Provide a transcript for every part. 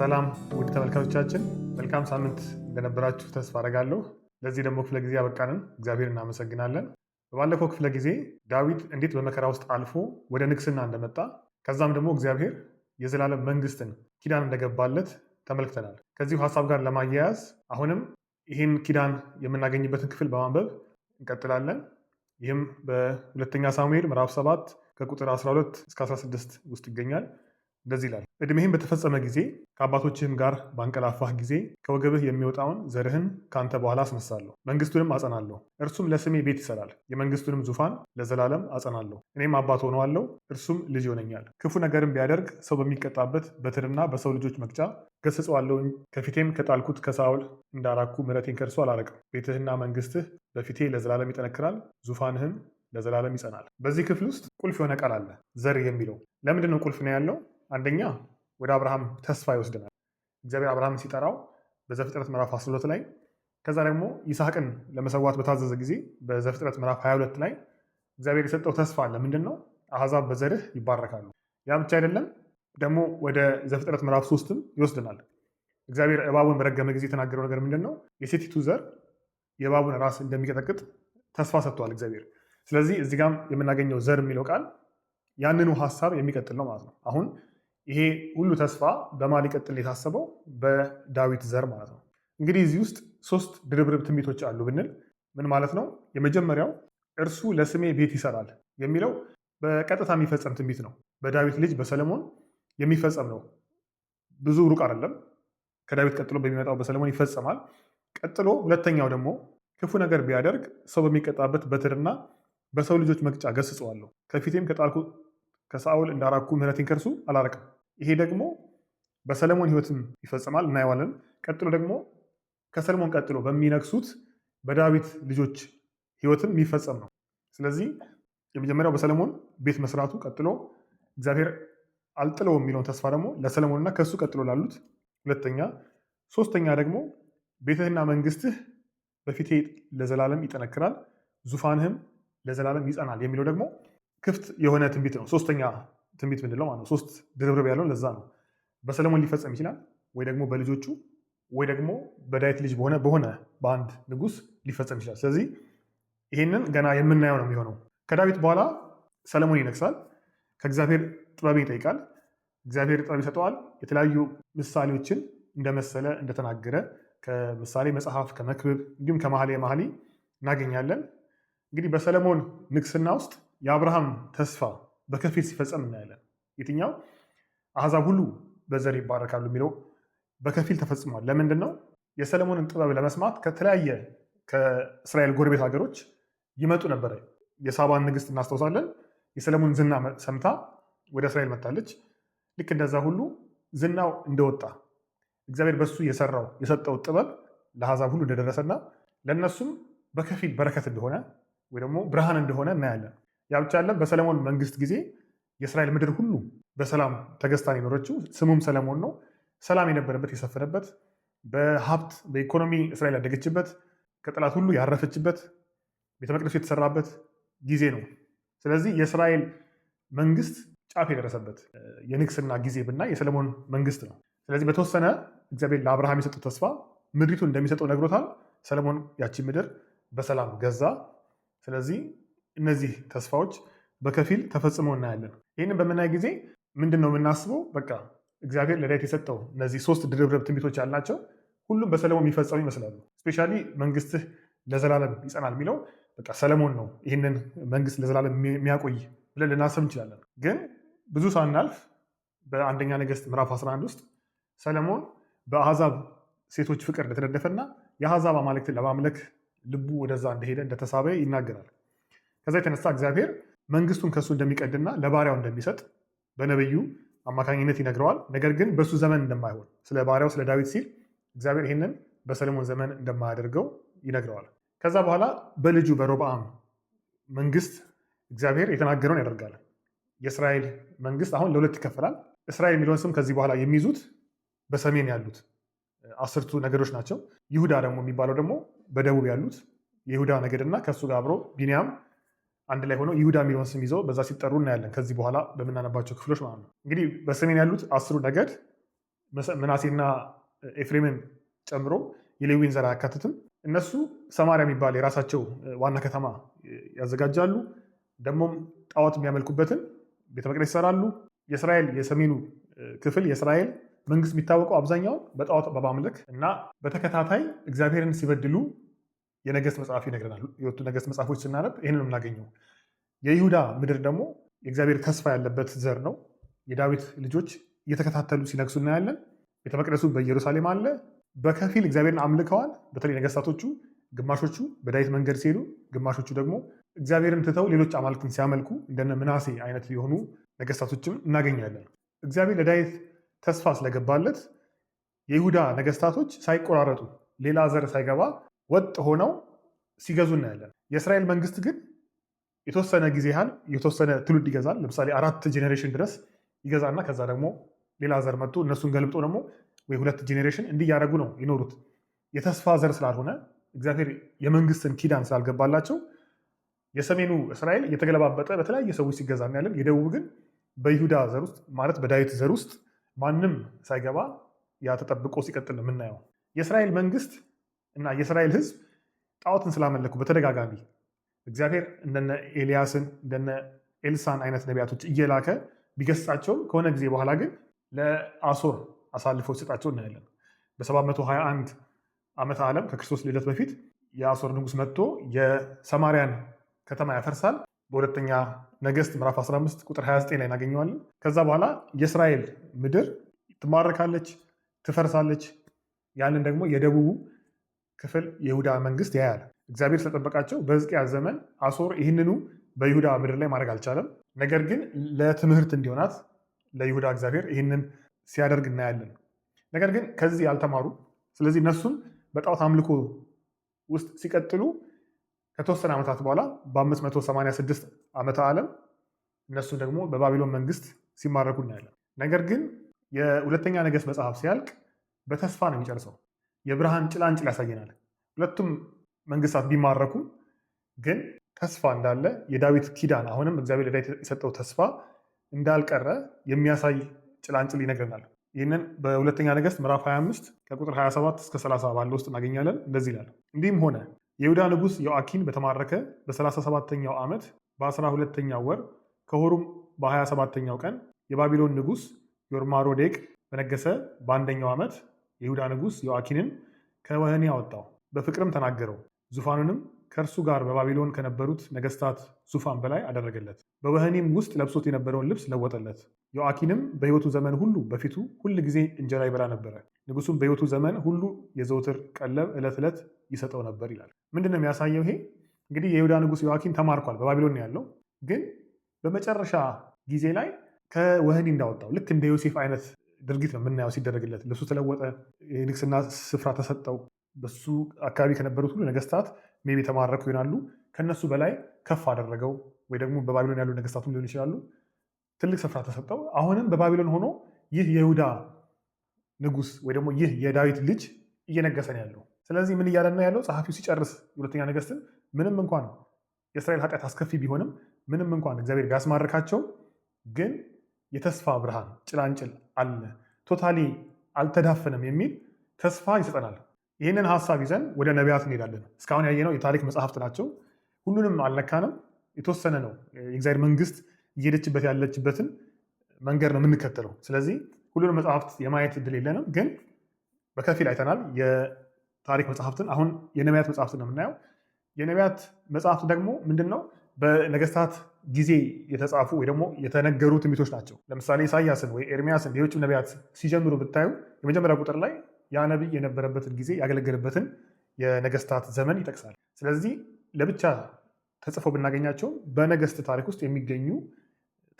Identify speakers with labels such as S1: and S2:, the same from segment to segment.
S1: ሰላም ውድ ተመልካቾቻችን፣ መልካም ሳምንት እንደነበራችሁ ተስፋ አደርጋለሁ። ለዚህ ደግሞ ክፍለ ጊዜ ያበቃንን እግዚአብሔር እናመሰግናለን። በባለፈው ክፍለ ጊዜ ዳዊት እንዴት በመከራ ውስጥ አልፎ ወደ ንግስና እንደመጣ ከዛም ደግሞ እግዚአብሔር የዘላለም መንግስትን ኪዳን እንደገባለት ተመልክተናል። ከዚሁ ሀሳብ ጋር ለማያያዝ አሁንም ይህን ኪዳን የምናገኝበትን ክፍል በማንበብ እንቀጥላለን። ይህም በሁለተኛ ሳሙኤል ምዕራፍ 7 ከቁጥር 12 እስከ 16 ውስጥ ይገኛል። እንደዚህ ይላል። እድሜህን በተፈጸመ ጊዜ ከአባቶችህም ጋር ባንቀላፋህ ጊዜ ከወገብህ የሚወጣውን ዘርህን ከአንተ በኋላ አስነሳለሁ፣ መንግስቱንም አጸናለሁ። እርሱም ለስሜ ቤት ይሰራል፣ የመንግስቱንም ዙፋን ለዘላለም አጸናለሁ። እኔም አባት ሆነዋለሁ፣ እርሱም ልጅ ይሆነኛል። ክፉ ነገርም ቢያደርግ ሰው በሚቀጣበት በትርና በሰው ልጆች መቅጫ ገስጸዋለሁ። ከፊቴም ከጣልኩት ከሳውል እንዳራኩ ምረቴን ከእርሱ አላረቅም። ቤትህና መንግስትህ በፊቴ ለዘላለም ይጠነክራል፣ ዙፋንህም ለዘላለም ይጸናል። በዚህ ክፍል ውስጥ ቁልፍ የሆነ ቃል አለ፣ ዘር የሚለው ለምንድን ነው ቁልፍ ነው ያለው? አንደኛ ወደ አብርሃም ተስፋ ይወስድናል እግዚአብሔር አብርሃም ሲጠራው በዘፍጥረት ምዕራፍ 12 ላይ ከዛ ደግሞ ይስሐቅን ለመሰዋት በታዘዘ ጊዜ በዘፍጥረት ምዕራፍ 22 ላይ እግዚአብሔር የሰጠው ተስፋ አለ። ምንድን ነው? አሕዛብ በዘርህ ይባረካሉ። ያ ብቻ አይደለም፣ ደግሞ ወደ ዘፍጥረት ምዕራፍ ሶስትም ይወስድናል። እግዚአብሔር እባቡን በረገመ ጊዜ የተናገረው ነገር ምንድን ነው? የሴቲቱ ዘር የእባቡን ራስ እንደሚቀጠቅጥ ተስፋ ሰጥቷል እግዚአብሔር። ስለዚህ እዚህ ጋም የምናገኘው ዘር የሚለው ቃል ያንኑ ሀሳብ የሚቀጥል ነው ማለት ነው። አሁን ይሄ ሁሉ ተስፋ በማን ሊቀጥል የታሰበው? በዳዊት ዘር ማለት ነው። እንግዲህ እዚህ ውስጥ ሶስት ድርብርብ ትንቢቶች አሉ ብንል ምን ማለት ነው? የመጀመሪያው እርሱ ለስሜ ቤት ይሰራል የሚለው በቀጥታ የሚፈጸም ትንቢት ነው። በዳዊት ልጅ በሰለሞን የሚፈጸም ነው። ብዙ ሩቅ አይደለም። ከዳዊት ቀጥሎ በሚመጣው በሰለሞን ይፈጸማል። ቀጥሎ ሁለተኛው ደግሞ ክፉ ነገር ቢያደርግ ሰው በሚቀጣበት በትርና በሰው ልጆች መቅጫ ገስጸዋለሁ፣ ከፊቴም ከጣልኩ ከሳኦል እንዳራኩ ምሕረቴን ከርሱ አላረቅም ይሄ ደግሞ በሰለሞን ህይወትም ይፈጽማል፣ እናየዋለን። ቀጥሎ ደግሞ ከሰለሞን ቀጥሎ በሚነግሱት በዳዊት ልጆች ህይወትም የሚፈጸም ነው። ስለዚህ የመጀመሪያው በሰለሞን ቤት መስራቱ፣ ቀጥሎ እግዚአብሔር አልጥለው የሚለውን ተስፋ ደግሞ ለሰለሞንና ከሱ ቀጥሎ ላሉት ሁለተኛ፣ ሶስተኛ ደግሞ ቤትህና መንግስትህ በፊቴ ለዘላለም ይጠነክራል፣ ዙፋንህም ለዘላለም ይጸናል የሚለው ደግሞ ክፍት የሆነ ትንቢት ነው። ሶስተኛ ትንቢት ምንለው ማለት ነው። ሶስት ድርብርብ ያለው ለዛ ነው። በሰለሞን ሊፈጸም ይችላል ወይ ደግሞ በልጆቹ ወይ ደግሞ በዳዊት ልጅ በሆነ በሆነ በአንድ ንጉስ ሊፈጸም ይችላል። ስለዚህ ይሄንን ገና የምናየው ነው የሚሆነው። ከዳዊት በኋላ ሰለሞን ይነግሳል። ከእግዚአብሔር ጥበብን ይጠይቃል። እግዚአብሔር ጥበብ ይሰጠዋል። የተለያዩ ምሳሌዎችን እንደመሰለ እንደተናገረ ከምሳሌ መጽሐፍ ከመክብብ እንዲሁም ከመኃልየ መኃልይ እናገኛለን። እንግዲህ በሰለሞን ንግስና ውስጥ የአብርሃም ተስፋ በከፊል ሲፈጸም እናያለን። የትኛው አሕዛብ ሁሉ በዘር ይባረካሉ የሚለው በከፊል ተፈጽሟል። ለምንድን ነው? የሰለሞንን ጥበብ ለመስማት ከተለያየ ከእስራኤል ጎረቤት ሀገሮች ይመጡ ነበረ። የሳባን ንግስት እናስታውሳለን። የሰለሞን ዝና ሰምታ ወደ እስራኤል መታለች። ልክ እንደዛ ሁሉ ዝናው እንደወጣ እግዚአብሔር በሱ የሰራው የሰጠው ጥበብ ለአሕዛብ ሁሉ እንደደረሰና ለእነሱም በከፊል በረከት እንደሆነ ወይ ደግሞ ብርሃን እንደሆነ እናያለን። ያ ብቻ አለም በሰለሞን መንግስት ጊዜ የእስራኤል ምድር ሁሉ በሰላም ተገዝታን የኖረችው ስሙም ሰለሞን ነው። ሰላም የነበረበት የሰፈነበት፣ በሀብት በኢኮኖሚ እስራኤል ያደገችበት፣ ከጠላት ሁሉ ያረፈችበት፣ ቤተ መቅደሱ የተሰራበት ጊዜ ነው። ስለዚህ የእስራኤል መንግስት ጫፍ የደረሰበት የንግስና ጊዜ ብናይ የሰለሞን መንግስት ነው። ስለዚህ በተወሰነ እግዚአብሔር ለአብርሃም የሰጠው ተስፋ ምድሪቱ እንደሚሰጠው ነግሮታል። ሰለሞን ያቺ ምድር በሰላም ገዛ። ስለዚህ እነዚህ ተስፋዎች በከፊል ተፈጽመው እናያለን። ይህንን በምናይ ጊዜ ምንድን ነው የምናስበው? በቃ እግዚአብሔር ለዳዊት የሰጠው እነዚህ ሶስት ድርብርብ ትንቢቶች ያላቸው ሁሉም በሰለሞን የሚፈጸሙ ይመስላሉ። እስፔሻሊ መንግስትህ ለዘላለም ይጸናል የሚለው በቃ ሰለሞን ነው ይህንን መንግስት ለዘላለም የሚያቆይ ብለን ልናስብ እንችላለን። ግን ብዙ ሳናልፍ በአንደኛ ነገስት ምዕራፍ 11 ውስጥ ሰለሞን በአሕዛብ ሴቶች ፍቅር እንደተደደፈና የአሕዛብ አማልክትን ለማምለክ ልቡ ወደዛ እንደሄደ እንደተሳበ ይናገራል። ከዛ የተነሳ እግዚአብሔር መንግስቱን ከእሱ እንደሚቀድና ለባሪያው እንደሚሰጥ በነብዩ አማካኝነት ይነግረዋል። ነገር ግን በእሱ ዘመን እንደማይሆን ስለ ባሪያው ስለ ዳዊት ሲል እግዚአብሔር ይህንን በሰለሞን ዘመን እንደማያደርገው ይነግረዋል። ከዛ በኋላ በልጁ በሮብአም መንግስት እግዚአብሔር የተናገረውን ያደርጋል። የእስራኤል መንግስት አሁን ለሁለት ይከፈላል። እስራኤል የሚለውን ስም ከዚህ በኋላ የሚይዙት በሰሜን ያሉት አስርቱ ነገዶች ናቸው። ይሁዳ ደግሞ የሚባለው ደግሞ በደቡብ ያሉት የይሁዳ ነገድና ከእሱ ጋር አብሮ ቢንያም አንድ ላይ ሆነው ይሁዳ የሚለውን ስም ይዘው በዛ ሲጠሩ እናያለን። ከዚህ በኋላ በምናነባቸው ክፍሎች ማለት ነው። እንግዲህ በሰሜን ያሉት አስሩ ነገድ ምናሴና ኤፍሬምን ጨምሮ የሌዊን ዘር አያካትትም። እነሱ ሰማሪያ የሚባል የራሳቸው ዋና ከተማ ያዘጋጃሉ። ደግሞም ጣዖት የሚያመልኩበትን ቤተ መቅደስ ይሰራሉ። የእስራኤል የሰሜኑ ክፍል የእስራኤል መንግስት የሚታወቀው አብዛኛውን በጣዖት በማምለክ እና በተከታታይ እግዚአብሔርን ሲበድሉ የነገስት መጽሐፍ ይነግረናል። የወጡ ነገስት መጽሐፎች ስናነብ ይህንን የምናገኘው የይሁዳ ምድር ደግሞ የእግዚአብሔር ተስፋ ያለበት ዘር ነው። የዳዊት ልጆች እየተከታተሉ ሲነግሱ እናያለን። ቤተ መቅደሱ በኢየሩሳሌም አለ። በከፊል እግዚአብሔርን አምልከዋል። በተለይ ነገስታቶቹ ግማሾቹ በዳዊት መንገድ ሲሄዱ፣ ግማሾቹ ደግሞ እግዚአብሔርን ትተው ሌሎች አማልክትን ሲያመልኩ እንደነ ምናሴ አይነት የሆኑ ነገስታቶችም እናገኛለን። እግዚአብሔር ለዳዊት ተስፋ ስለገባለት የይሁዳ ነገስታቶች ሳይቆራረጡ ሌላ ዘር ሳይገባ ወጥ ሆነው ሲገዙ እናያለን። የእስራኤል መንግስት ግን የተወሰነ ጊዜ ያህል የተወሰነ ትውልድ ይገዛል። ለምሳሌ አራት ጄኔሬሽን ድረስ ይገዛና ከዛ ደግሞ ሌላ ዘር መጡ እነሱን ገልብጦ ደግሞ ወይ ሁለት ጄኔሬሽን እንዲህ እያደረጉ ነው ይኖሩት። የተስፋ ዘር ስላልሆነ እግዚአብሔር የመንግስትን ኪዳን ስላልገባላቸው የሰሜኑ እስራኤል እየተገለባበጠ በተለያየ ሰዎች ሲገዛ እናያለን። የደቡብ ግን በይሁዳ ዘር ውስጥ ማለት በዳዊት ዘር ውስጥ ማንም ሳይገባ ያ ተጠብቆ ሲቀጥል የምናየው የእስራኤል መንግስት እና የእስራኤል ህዝብ ጣዖትን ስላመለኩ በተደጋጋሚ እግዚአብሔር እንደነ ኤልያስን እንደነ ኤልሳን አይነት ነቢያቶች እየላከ ቢገስጻቸውም ከሆነ ጊዜ በኋላ ግን ለአሶር አሳልፎ ሲሰጣቸው እናያለን። በ721 ዓመተ ዓለም ከክርስቶስ ልደት በፊት የአሶር ንጉስ መጥቶ የሰማርያን ከተማ ያፈርሳል። በሁለተኛ ነገስት ምዕራፍ 15 ቁጥር 29 ላይ እናገኘዋለን። ከዛ በኋላ የእስራኤል ምድር ትማረካለች፣ ትፈርሳለች። ያንን ደግሞ የደቡቡ ክፍል የይሁዳ መንግስት ያያል። እግዚአብሔር ስለጠበቃቸው በሕዝቅያስ ዘመን አሶር ይህንኑ በይሁዳ ምድር ላይ ማድረግ አልቻለም። ነገር ግን ለትምህርት እንዲሆናት ለይሁዳ እግዚአብሔር ይህንን ሲያደርግ እናያለን። ነገር ግን ከዚህ ያልተማሩ ስለዚህ እነሱም በጣዖት አምልኮ ውስጥ ሲቀጥሉ ከተወሰነ ዓመታት በኋላ በ586 ዓመተ ዓለም እነሱ ደግሞ በባቢሎን መንግስት ሲማረኩ እናያለን። ነገር ግን የሁለተኛ ነገስት መጽሐፍ ሲያልቅ በተስፋ ነው የሚጨርሰው። የብርሃን ጭላንጭል ያሳየናል። ሁለቱም መንግስታት ቢማረኩ ግን ተስፋ እንዳለ የዳዊት ኪዳን አሁንም እግዚአብሔር ለዳዊት የሰጠው ተስፋ እንዳልቀረ የሚያሳይ ጭላንጭል ይነግረናል። ይህንን በሁለተኛ ነገስት ምዕራፍ 25 ከቁጥር 27 እስከ 30 ባለ ውስጥ እናገኛለን። እንደዚህ ይላል። እንዲህም ሆነ የይሁዳ ንጉሥ ዮአኪን በተማረከ በ37ኛው ዓመት በ12ኛው ወር ከሆሩም በ27ኛው ቀን የባቢሎን ንጉሥ ዮርማሮዴቅ በነገሰ በአንደኛው ዓመት የይሁዳ ንጉሥ ዮአኪንን ከወህኒ አወጣው፣ በፍቅርም ተናገረው። ዙፋኑንም ከእርሱ ጋር በባቢሎን ከነበሩት ነገስታት ዙፋን በላይ አደረገለት። በወህኒም ውስጥ ለብሶት የነበረውን ልብስ ለወጠለት። ዮአኪንም በሕይወቱ ዘመን ሁሉ በፊቱ ሁል ጊዜ እንጀራ ይበላ ነበረ። ንጉሱም በሕይወቱ ዘመን ሁሉ የዘውትር ቀለብ ዕለት ዕለት ይሰጠው ነበር ይላል። ምንድን ነው የሚያሳየው ይሄ? እንግዲህ የይሁዳ ንጉስ ዮአኪን ተማርኳል፣ በባቢሎን ያለው። ግን በመጨረሻ ጊዜ ላይ ከወህኒ እንዳወጣው ልክ እንደ ዮሴፍ አይነት ድርጊት ነው የምናየው ሲደረግለት። ልብሱ ተለወጠ፣ የንግስና ስፍራ ተሰጠው። በሱ አካባቢ ከነበሩት ሁሉ ነገስታት ሜቢ የተማረኩ ይሆናሉ። ከነሱ በላይ ከፍ አደረገው፣ ወይ ደግሞ በባቢሎን ያሉ ነገስታቱም ሊሆን ይችላሉ። ትልቅ ስፍራ ተሰጠው። አሁንም በባቢሎን ሆኖ ይህ የይሁዳ ንጉስ ወይ ደግሞ ይህ የዳዊት ልጅ እየነገሰ ነው ያለው። ስለዚህ ምን እያለና ያለው ጸሐፊው ሲጨርስ ሁለተኛ ነገስትን ምንም እንኳን የእስራኤል ኃጢአት አስከፊ ቢሆንም ምንም እንኳን እግዚአብሔር ቢያስማርካቸው ግን የተስፋ ብርሃን ጭላንጭል አለ፣ ቶታሊ አልተዳፈነም የሚል ተስፋ ይሰጠናል። ይህንን ሀሳብ ይዘን ወደ ነቢያት እንሄዳለን። እስካሁን ያየነው የታሪክ መጽሐፍት ናቸው። ሁሉንም አልነካንም፣ የተወሰነ ነው። የእግዚአብሔር መንግስት እየሄደችበት ያለችበትን መንገድ ነው የምንከተለው። ስለዚህ ሁሉንም መጽሐፍት የማየት እድል የለንም፣ ግን በከፊል አይተናል። የታሪክ መጽሐፍትን አሁን የነቢያት መጽሐፍትን ነው የምናየው። የነቢያት መጽሐፍት ደግሞ ምንድን ነው? በነገስታት ጊዜ የተጻፉ ወይ ደግሞ የተነገሩ ትንቢቶች ናቸው። ለምሳሌ ኢሳያስን ወይ ኤርሚያስን ሌሎችም ነቢያት ሲጀምሩ ብታዩ የመጀመሪያ ቁጥር ላይ ያ ነቢይ የነበረበትን ጊዜ ያገለገለበትን የነገስታት ዘመን ይጠቅሳል። ስለዚህ ለብቻ ተጽፈው ብናገኛቸው በነገስት ታሪክ ውስጥ የሚገኙ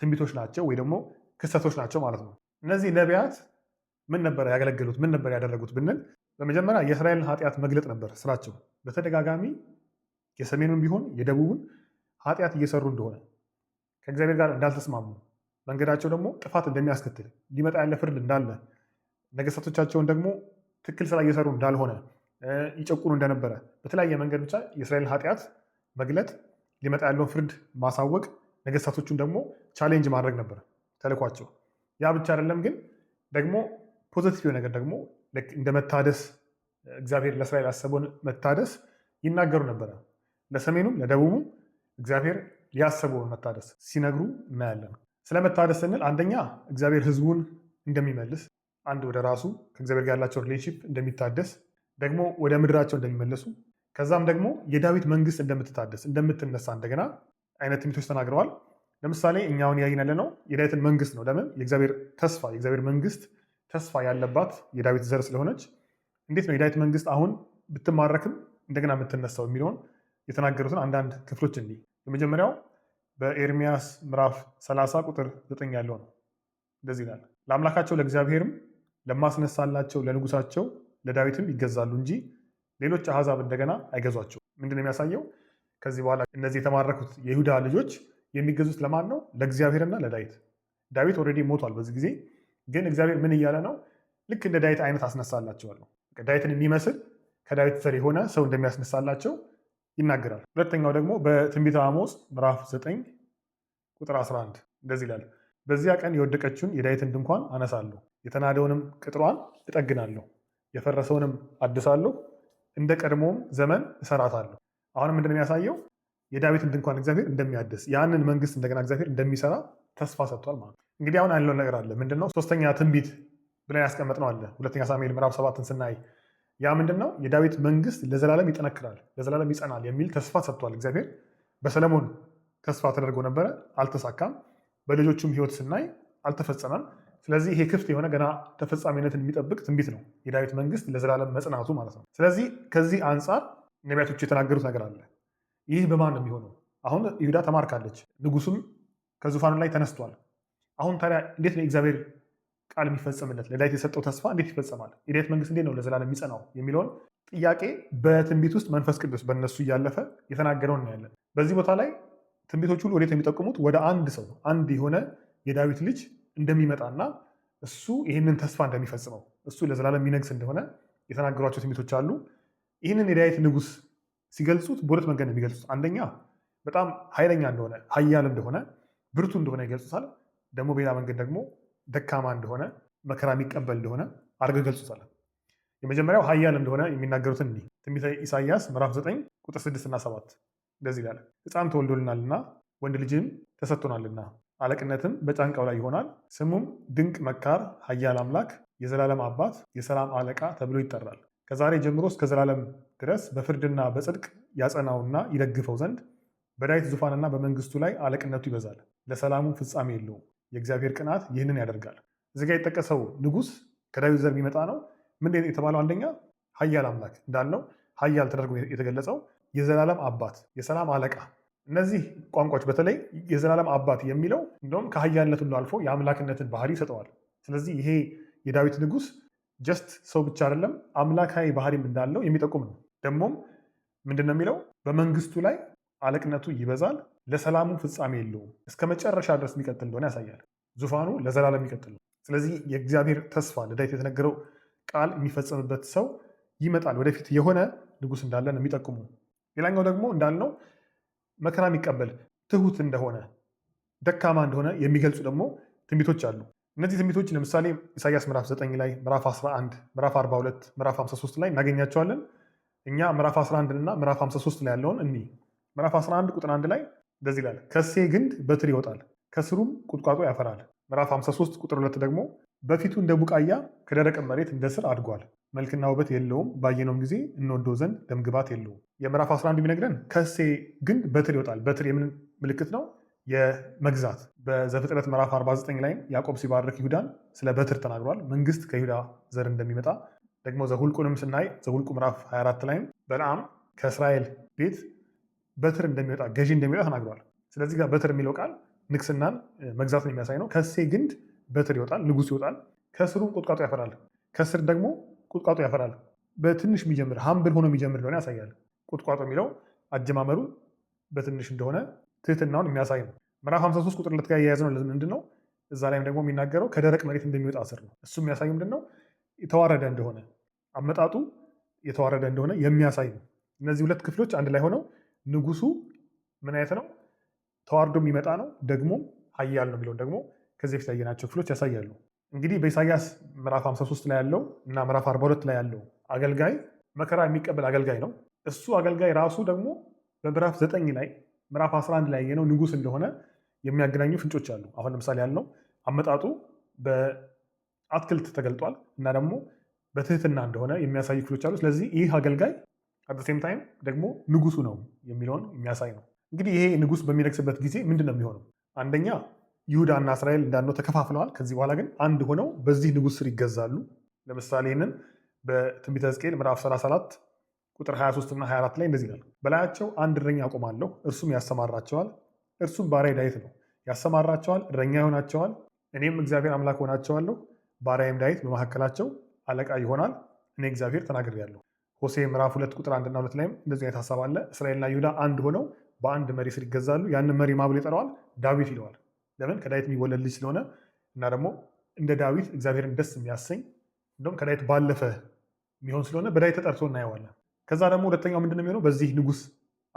S1: ትንቢቶች ናቸው ወይ ደግሞ ክስተቶች ናቸው ማለት ነው። እነዚህ ነቢያት ምን ነበር ያገለገሉት? ምን ነበር ያደረጉት ብንል በመጀመሪያ የእስራኤልን ኃጢአት መግለጥ ነበር ስራቸው። በተደጋጋሚ የሰሜኑን ቢሆን የደቡቡን ኃጢአት እየሰሩ እንደሆነ ከእግዚአብሔር ጋር እንዳልተስማሙ መንገዳቸው ደግሞ ጥፋት እንደሚያስከትል ሊመጣ ያለ ፍርድ እንዳለ ነገስታቶቻቸውን ደግሞ ትክክል ስራ እየሰሩ እንዳልሆነ ይጨቁኑ እንደነበረ በተለያየ መንገድ ብቻ የእስራኤልን ኃጢአት መግለጥ ሊመጣ ያለውን ፍርድ ማሳወቅ ነገስታቶቹን ደግሞ ቻሌንጅ ማድረግ ነበር ተልኳቸው። ያ ብቻ አይደለም ግን ደግሞ ፖዘቲቭ ነገር ደግሞ እንደ መታደስ እግዚአብሔር ለእስራኤል ያሰበውን መታደስ ይናገሩ ነበረ። ለሰሜኑም ለደቡቡም እግዚአብሔር ያሰበውን መታደስ ሲነግሩ እናያለን። ስለ መታደስ ስንል አንደኛ እግዚአብሔር ህዝቡን እንደሚመልስ አንድ ወደ ራሱ ከእግዚአብሔር ጋር ያላቸው ሪሌሽንሽፕ እንደሚታደስ ደግሞ ወደ ምድራቸው እንደሚመለሱ ከዛም ደግሞ የዳዊት መንግስት እንደምትታደስ እንደምትነሳ እንደገና አይነት ትንቢቶች ተናግረዋል። ለምሳሌ እኛውን ያለ ነው የዳዊትን መንግስት ነው። ለምን የእግዚአብሔር ተስፋ የእግዚአብሔር መንግስት ተስፋ ያለባት የዳዊት ዘር ስለሆነች እንዴት ነው የዳዊት መንግስት አሁን ብትማረክም እንደገና የምትነሳው የሚለውን የተናገሩትን አንዳንድ ክፍሎች እንዲህ። የመጀመሪያው በኤርሚያስ ምዕራፍ 30 ቁጥር 9 ያለው ነው። እንደዚህ ይላል፣ ለአምላካቸው ለእግዚአብሔርም ለማስነሳላቸው ለንጉሳቸው ለዳዊትም ይገዛሉ እንጂ ሌሎች አሕዛብ እንደገና አይገዟቸው። ምንድን የሚያሳየው? ከዚህ በኋላ እነዚህ የተማረኩት የይሁዳ ልጆች የሚገዙት ለማን ነው? ለእግዚአብሔርና ለዳዊት። ዳዊት ኦልሬዲ ሞቷል። በዚህ ጊዜ ግን እግዚአብሔር ምን እያለ ነው? ልክ እንደ ዳዊት አይነት አስነሳላቸዋለሁ። ዳዊትን የሚመስል ከዳዊት ዘር የሆነ ሰው እንደሚያስነሳላቸው ይናገራል። ሁለተኛው ደግሞ በትንቢተ አሞጽ ምዕራፍ 9 ቁጥር 11 እንደዚህ ይላል፣ በዚያ ቀን የወደቀችውን የዳዊትን ድንኳን አነሳለሁ፣ የተናደውንም ቅጥሯን እጠግናለሁ፣ የፈረሰውንም አድሳለሁ፣ እንደ ቀድሞም ዘመን እሰራታለሁ። አሁንም ምንድን የሚያሳየው? የዳዊትን ድንኳን እግዚአብሔር እንደሚያድስ ያንን መንግስት እንደገና እግዚአብሔር እንደሚሰራ ተስፋ ሰጥቷል ማለት ነው። እንግዲህ አሁን ያለውን ነገር አለ ምንድነው? ሶስተኛ ትንቢት ብለን ያስቀመጥነው አለ ሁለተኛ ሳሙኤል ምዕራፍ ሰባትን ስናይ ያ ምንድን ነው? የዳዊት መንግስት ለዘላለም ይጠነክራል፣ ለዘላለም ይጸናል የሚል ተስፋ ሰጥቷል እግዚአብሔር። በሰለሞን ተስፋ ተደርጎ ነበረ፣ አልተሳካም። በልጆቹም ህይወት ስናይ አልተፈጸመም። ስለዚህ ይሄ ክፍት የሆነ ገና ተፈጻሚነትን የሚጠብቅ ትንቢት ነው፣ የዳዊት መንግስት ለዘላለም መጽናቱ ማለት ነው። ስለዚህ ከዚህ አንጻር ነቢያቶች የተናገሩት ነገር አለ። ይህ በማን ነው የሚሆነው? አሁን ይሁዳ ተማርካለች፣ ንጉሱም ከዙፋኑ ላይ ተነስቷል። አሁን ታዲያ እንዴት ነው እግዚአብሔር ቃል የሚፈጸምለት ለዳዊት የሰጠው ተስፋ እንዴት ይፈጸማል? የዳዊት መንግስት እንዴት ነው ለዘላለም የሚጸናው የሚለውን ጥያቄ በትንቢት ውስጥ መንፈስ ቅዱስ በእነሱ እያለፈ የተናገረው እናያለን። በዚህ ቦታ ላይ ትንቢቶች ሁሉ ወዴት የሚጠቁሙት ወደ አንድ ሰው አንድ የሆነ የዳዊት ልጅ እንደሚመጣና እሱ ይህንን ተስፋ እንደሚፈጽመው እሱ ለዘላለም የሚነግስ እንደሆነ የተናገሯቸው ትንቢቶች አሉ። ይህንን የዳዊት ንጉስ ሲገልጹት በሁለት መንገድ ነው የሚገልጹት። አንደኛ በጣም ኃይለኛ እንደሆነ ኃያል እንደሆነ ብርቱ እንደሆነ ይገልጹታል። ደግሞ በሌላ መንገድ ደግሞ ደካማ እንደሆነ፣ መከራ የሚቀበል እንደሆነ አድርገው ይገልጹታል። የመጀመሪያው ኃያል እንደሆነ የሚናገሩትን እንዲህ ትንቢተ ኢሳይያስ ምዕራፍ 9 ቁጥር 6 እና 7 እንደዚህ ይላል። ሕፃን ተወልዶልናልና ወንድ ልጅም ተሰጥቶናልና አለቅነትም በጫንቃው ላይ ይሆናል። ስሙም ድንቅ መካር፣ ኃያል አምላክ፣ የዘላለም አባት፣ የሰላም አለቃ ተብሎ ይጠራል። ከዛሬ ጀምሮ እስከ ዘላለም ድረስ በፍርድና በጽድቅ ያጸናውና ይደግፈው ዘንድ በዳዊት ዙፋንና በመንግስቱ ላይ አለቅነቱ ይበዛል። ለሰላሙ ፍጻሜ የለውም። የእግዚአብሔር ቅናት ይህንን ያደርጋል። እዚህ ጋ የጠቀሰው ንጉስ ከዳዊት ዘር የሚመጣ ነው። ምን የተባለው አንደኛ ሀያል አምላክ እንዳለው ሀያል ተደርጎ የተገለጸው የዘላለም አባት፣ የሰላም አለቃ እነዚህ ቋንቋዎች በተለይ የዘላለም አባት የሚለው እንደውም ከሀያልነት ሁሉ አልፎ የአምላክነትን ባህሪ ይሰጠዋል። ስለዚህ ይሄ የዳዊት ንጉስ ጀስት ሰው ብቻ አይደለም አምላካዊ ባህሪም እንዳለው የሚጠቁም ነው። ደግሞም ምንድን ነው የሚለው በመንግስቱ ላይ አለቅነቱ ይበዛል፣ ለሰላሙ ፍጻሜ የለውም፣ እስከ መጨረሻ ድረስ የሚቀጥል እንደሆነ ያሳያል። ዙፋኑ ለዘላለም የሚቀጥል ነው። ስለዚህ የእግዚአብሔር ተስፋ ለዳዊት የተነገረው ቃል የሚፈጸምበት ሰው ይመጣል፣ ወደፊት የሆነ ንጉስ እንዳለ ነው የሚጠቁሙ። ሌላኛው ደግሞ እንዳልነው መከራ የሚቀበል ትሁት እንደሆነ ደካማ እንደሆነ የሚገልጹ ደግሞ ትንቢቶች አሉ። እነዚህ ትንቢቶች ለምሳሌ ኢሳያስ ምዕራፍ 9 ላይ፣ ምዕራፍ 11፣ ምዕራፍ 42፣ ምዕራፍ 53 ላይ እናገኛቸዋለን። እኛ ምዕራፍ 11 እና ምዕራፍ 53 ላይ ያለውን እኒ ምዕራፍ 11 ቁጥር 1 ላይ እንደዚህ ይላል፣ ከሴ ግንድ በትር ይወጣል፣ ከስሩም ቁጥቋጦ ያፈራል። ምዕራፍ 53 ቁጥር ሁለት ደግሞ በፊቱ እንደ ቡቃያ ከደረቅ መሬት እንደ ስር አድጓል፣ መልክና ውበት የለውም፣ ባየነውም ጊዜ እንወደው ዘንድ ደምግባት የለውም። የምዕራፍ 11 የሚነግረን ከሴ ግንድ በትር ይወጣል። በትር የምን ምልክት ነው? የመግዛት በዘፍጥረት ምዕራፍ 49 ላይም ያዕቆብ ሲባርክ ይሁዳን ስለ በትር ተናግሯል። መንግስት ከይሁዳ ዘር እንደሚመጣ ደግሞ ዘሁልቁንም ስናይ ዘሁልቁ ምዕራፍ 24 ላይም በለዓም ከእስራኤል ቤት በትር እንደሚወጣ ገዢ እንደሚወጣ ተናግሯል። ስለዚህ ጋር በትር የሚለው ቃል ንግስናን መግዛትን የሚያሳይ ነው። ከሴ ግንድ በትር ይወጣል፣ ንጉስ ይወጣል። ከስሩም ቁጥቋጦ ያፈራል፣ ከስር ደግሞ ቁጥቋጦ ያፈራል። በትንሽ የሚጀምር ሀምብል ሆኖ የሚጀምር እንደሆነ ያሳያል። ቁጥቋጦ የሚለው አጀማመሩ በትንሽ እንደሆነ ትህትናውን የሚያሳይ ነው። ምዕራፍ 53 ቁጥር ሁለት ጋር እያያዘ ነው። ምንድን ነው እዛ ላይም ደግሞ የሚናገረው ከደረቅ መሬት እንደሚወጣ ስር ነው። እሱ የሚያሳይ ምንድን ነው የተዋረደ እንደሆነ አመጣጡ የተዋረደ እንደሆነ የሚያሳይ ነው። እነዚህ ሁለት ክፍሎች አንድ ላይ ሆነው ንጉሱ ምን አይነት ነው? ተዋርዶ የሚመጣ ነው፣ ደግሞ ሀያል ነው የሚለውን ደግሞ ከዚህ በፊት ያየናቸው ክፍሎች ያሳያሉ። እንግዲህ በኢሳያስ ምዕራፍ 53 ላይ ያለው እና ምዕራፍ 42 ላይ ያለው አገልጋይ መከራ የሚቀበል አገልጋይ ነው። እሱ አገልጋይ ራሱ ደግሞ በምዕራፍ 9 ላይ ምዕራፍ 11 ላይ ያየነው ንጉስ እንደሆነ የሚያገናኙ ፍንጮች አሉ። አሁን ለምሳሌ ያልነው አመጣጡ በአትክልት ተገልጧል እና ደግሞ በትህትና እንደሆነ የሚያሳዩ ክፍሎች አሉ። ስለዚህ ይህ አገልጋይ አት ሴም ታይም ደግሞ ንጉሱ ነው የሚለውን የሚያሳይ ነው። እንግዲህ ይሄ ንጉስ በሚነግስበት ጊዜ ምንድን ነው የሚሆነው? አንደኛ ይሁዳና እስራኤል እንዳንነው ተከፋፍለዋል። ከዚህ በኋላ ግን አንድ ሆነው በዚህ ንጉስ ስር ይገዛሉ። ለምሳሌ ይህንን በትንቢተ ሕዝቅኤል ምዕራፍ 34 ቁጥር 23 እና 24 ላይ እንደዚህ ይላል፣ በላያቸው አንድ እረኛ አቆማለሁ፣ እርሱም ያሰማራቸዋል። እርሱም ባሪያ ዳዊት ነው። ያሰማራቸዋል፣ እረኛ ይሆናቸዋል። እኔም እግዚአብሔር አምላክ ሆናቸዋለሁ፣ ባሪያዬም ዳዊት በመካከላቸው አለቃ ይሆናል። እኔ እግዚአብሔር ተናግሬያለሁ። ሆሴ ምዕራፍ ሁለት ቁጥር አንድና ሁለት ላይም እንደዚህ አይነት ሀሳብ አለ። እስራኤልና ይሁዳ አንድ ሆነው በአንድ መሪ ስር ይገዛሉ። ያንን መሪ ማብሎ ይጠራዋል ዳዊት ይለዋል። ለምን ከዳዊት የሚወለድ ልጅ ስለሆነ እና ደግሞ እንደ ዳዊት እግዚአብሔርን ደስ የሚያሰኝ እንደውም ከዳዊት ባለፈ የሚሆን ስለሆነ በዳዊት ተጠርቶ እናየዋለን። ከዛ ደግሞ ሁለተኛው ምንድን ነው የሚሆነው? በዚህ ንጉስ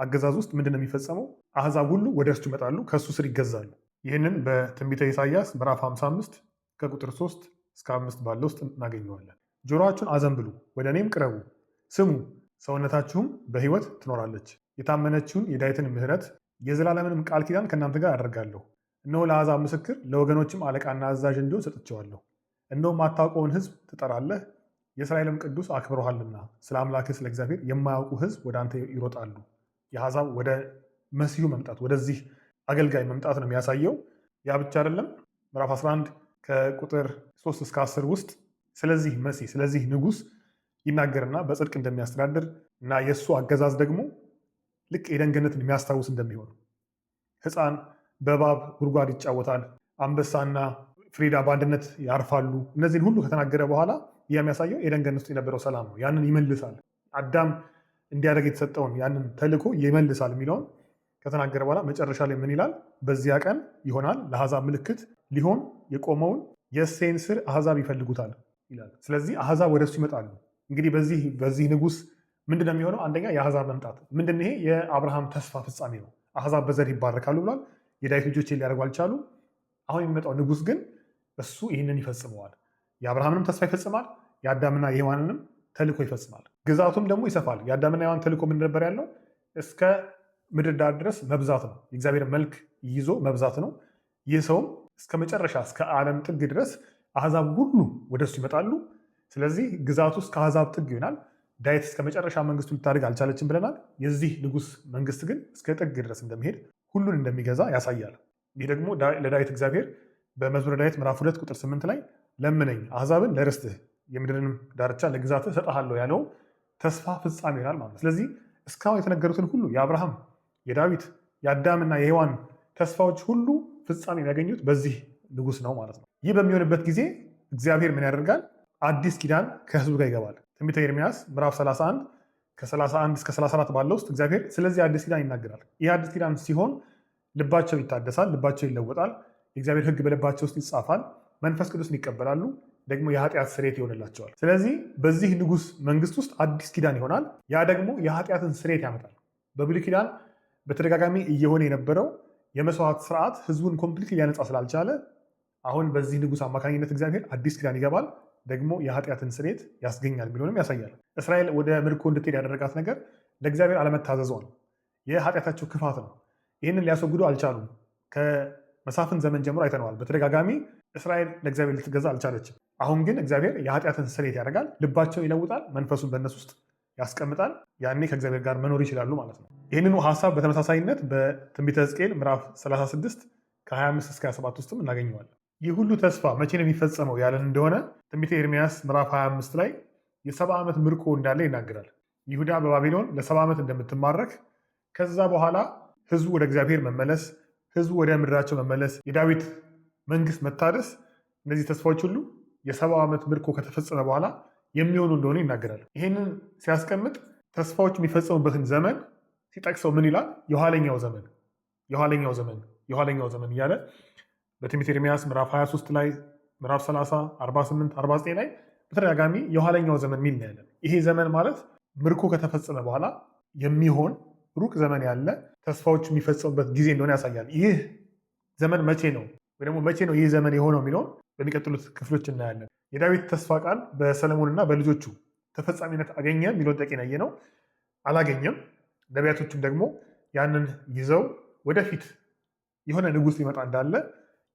S1: አገዛዝ ውስጥ ምንድን ነው የሚፈጸመው? አህዛብ ሁሉ ወደ እርሱ ይመጣሉ፣ ከእሱ ስር ይገዛሉ። ይህንን በትንቢተ ኢሳያስ ምዕራፍ 55 ከቁጥር 3 እስከ 5 ባለ ውስጥ እናገኘዋለን። ጆሮአችሁን አዘንብሉ፣ ወደ እኔም ቅረቡ ስሙ፣ ሰውነታችሁም በሕይወት ትኖራለች። የታመነችውን የዳዊትን ምሕረት የዘላለምንም ቃል ኪዳን ከእናንተ ጋር አደርጋለሁ። እነሆ ለአሕዛብ ምስክር፣ ለወገኖችም አለቃና አዛዥ እንዲሆን ሰጥቼዋለሁ። እነሆ ማታውቀውን ሕዝብ ትጠራለህ፣ የእስራኤልም ቅዱስ አክብረሃልና። ስለ አምላክህ ስለ እግዚአብሔር የማያውቁ ሕዝብ ወደ አንተ ይሮጣሉ። የአሕዛብ ወደ መሲሁ መምጣት ወደዚህ አገልጋይ መምጣት ነው የሚያሳየው። ያ ብቻ አይደለም። ምዕራፍ 11 ከቁጥር 3 እስከ 10 ውስጥ ስለዚህ መሲ ስለዚህ ንጉስ ይናገርና በጽድቅ እንደሚያስተዳድር እና የእሱ አገዛዝ ደግሞ ልክ የኤደን ገነትን የሚያስታውስ እንደሚሆን ህፃን በእባብ ጉድጓድ ይጫወታል፣ አንበሳና ፍሪዳ በአንድነት ያርፋሉ። እነዚህን ሁሉ ከተናገረ በኋላ የሚያሳየው የኤደን ገነት ውስጥ የነበረው ሰላም ነው። ያንን ይመልሳል። አዳም እንዲያደርግ የተሰጠውን ያንን ተልዕኮ ይመልሳል የሚለውን ከተናገረ በኋላ መጨረሻ ላይ ምን ይላል? በዚያ ቀን ይሆናል ለአሕዛብ ምልክት ሊሆን የቆመውን የእሴይን ሥር አሕዛብ ይፈልጉታል ይላል። ስለዚህ አሕዛብ ወደሱ ይመጣሉ። እንግዲህ በዚህ በዚህ ንጉስ ምንድነው የሚሆነው? አንደኛ የአህዛብ መምጣት ምንድን ይሄ የአብርሃም ተስፋ ፍጻሜ ነው። አህዛብ በዘር ይባረካሉ ብሏል። የዳዊት ልጆች ሊያደርጉ አልቻሉ። አሁን የሚመጣው ንጉስ ግን እሱ ይህንን ይፈጽመዋል። የአብርሃምንም ተስፋ ይፈጽማል። የአዳምና የሔዋንንም ተልኮ ይፈጽማል። ግዛቱም ደግሞ ይሰፋል። የአዳምና የዋን ተልኮ ምን ነበር ያለው? እስከ ምድር ዳር ድረስ መብዛት ነው። የእግዚአብሔር መልክ ይዞ መብዛት ነው። ይህ ሰውም እስከ መጨረሻ እስከ ዓለም ጥግ ድረስ አህዛብ ሁሉ ወደሱ ይመጣሉ። ስለዚህ ግዛት ውስጥ ከአሕዛብ ጥግ ይሆናል። ዳዊት እስከ መጨረሻ መንግስቱ ልታደርግ አልቻለችም ብለናል። የዚህ ንጉስ መንግስት ግን እስከ ጥግ ድረስ እንደሚሄድ ሁሉን እንደሚገዛ ያሳያል። ይህ ደግሞ ለዳዊት እግዚአብሔር በመዝሙረ ዳዊት ምዕራፍ ሁለት ቁጥር ስምንት ላይ ለምነኝ አሕዛብን ለርስትህ የምድርንም ዳርቻ ለግዛትህ እሰጥሃለሁ ያለው ተስፋ ፍጻሜ ይሆናል ማለት ስለዚህ እስካሁን የተነገሩትን ሁሉ የአብርሃም የዳዊት የአዳምና የሔዋን ተስፋዎች ሁሉ ፍጻሜ የሚያገኙት በዚህ ንጉስ ነው ማለት ነው። ይህ በሚሆንበት ጊዜ እግዚአብሔር ምን ያደርጋል? አዲስ ኪዳን ከህዝቡ ጋር ይገባል። ትንቢተ ኤርሚያስ ምዕራፍ 31 ከ31 እስከ 34 ባለው ውስጥ እግዚአብሔር ስለዚህ አዲስ ኪዳን ይናገራል። ይህ አዲስ ኪዳን ሲሆን ልባቸው ይታደሳል፣ ልባቸው ይለወጣል፣ የእግዚአብሔር ህግ በልባቸው ውስጥ ይጻፋል፣ መንፈስ ቅዱስን ይቀበላሉ፣ ደግሞ የኃጢአት ስሬት ይሆንላቸዋል። ስለዚህ በዚህ ንጉስ መንግስት ውስጥ አዲስ ኪዳን ይሆናል። ያ ደግሞ የኃጢአትን ስሬት ያመጣል። በብሉይ ኪዳን በተደጋጋሚ እየሆነ የነበረው የመስዋዕት ስርዓት ህዝቡን ኮምፕሊት ሊያነጻ ስላልቻለ አሁን በዚህ ንጉስ አማካኝነት እግዚአብሔር አዲስ ኪዳን ይገባል። ደግሞ የኃጢአትን ስሬት ያስገኛል የሚለውንም ያሳያል። እስራኤል ወደ ምርኮ እንድትሄድ ያደረጋት ነገር ለእግዚአብሔር አለመታዘዟ ነው። የኃጢአታቸው ክፋት ነው። ይህንን ሊያስወግዱ አልቻሉም። ከመሳፍን ዘመን ጀምሮ አይተነዋል። በተደጋጋሚ እስራኤል ለእግዚአብሔር ልትገዛ አልቻለችም። አሁን ግን እግዚአብሔር የኃጢአትን ስሬት ያደርጋል፣ ልባቸውን ይለውጣል፣ መንፈሱን በእነሱ ውስጥ ያስቀምጣል። ያኔ ከእግዚአብሔር ጋር መኖር ይችላሉ ማለት ነው። ይህንኑ ሀሳብ በተመሳሳይነት በትንቢተ ሕዝቅኤል ምዕራፍ 36 ከ25 እስከ 27 ውስጥም እናገኘዋለን። ይህ ሁሉ ተስፋ መቼ ነው የሚፈጸመው ያለን እንደሆነ ትንቢተ ኤርሚያስ ምዕራፍ 25 ላይ የሰባ ዓመት ምርኮ እንዳለ ይናገራል። ይሁዳ በባቢሎን ለሰባ ዓመት እንደምትማረክ ከዛ በኋላ ህዝቡ ወደ እግዚአብሔር መመለስ፣ ህዝቡ ወደ ምድራቸው መመለስ፣ የዳዊት መንግስት መታደስ፣ እነዚህ ተስፋዎች ሁሉ የሰባ ዓመት ምርኮ ከተፈጸመ በኋላ የሚሆኑ እንደሆነ ይናገራል። ይህንን ሲያስቀምጥ ተስፋዎች የሚፈጸሙበትን ዘመን ሲጠቅሰው ምን ይላል? የኋለኛው ዘመን የኋለኛው ዘመን የኋለኛው ዘመን እያለ በትንቢተ ኤርምያስ ምዕራፍ 23 ላይ ምዕራፍ 30፣ 48፣ 49 ላይ በተደጋጋሚ የኋለኛው ዘመን የሚል ያለ ይሄ ዘመን ማለት ምርኮ ከተፈጸመ በኋላ የሚሆን ሩቅ ዘመን ያለ ተስፋዎች የሚፈጸሙበት ጊዜ እንደሆነ ያሳያል። ይህ ዘመን መቼ ነው ወይ ደግሞ መቼ ነው ይህ ዘመን የሆነው የሚለውን በሚቀጥሉት ክፍሎች እናያለን። የዳዊት ተስፋ ቃል በሰለሞንና በልጆቹ ተፈጻሚነት አገኘ የሚለውን ጠቂ ናየ ነው አላገኘም። ነቢያቶቹም ደግሞ ያንን ይዘው ወደፊት የሆነ ንጉሥ ሊመጣ እንዳለ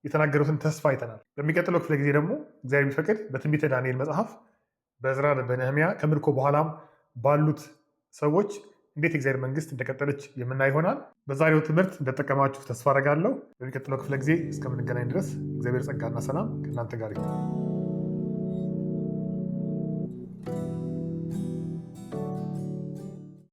S1: የተናገሩትን ተስፋ አይተናል። በሚቀጥለው ክፍለ ጊዜ ደግሞ እግዚአብሔር ቢፈቅድ በትንቢተ ዳንኤል መጽሐፍ በእዝራ በነህሚያ ከምርኮ በኋላም ባሉት ሰዎች እንዴት የእግዚአብሔር መንግስት እንደቀጠለች የምናይ ይሆናል። በዛሬው ትምህርት እንደጠቀማችሁ ተስፋ አረጋለሁ። በሚቀጥለው ክፍለ ጊዜ እስከምንገናኝ ድረስ እግዚአብሔር ጸጋና ሰላም ከእናንተ ጋር ይሆናል።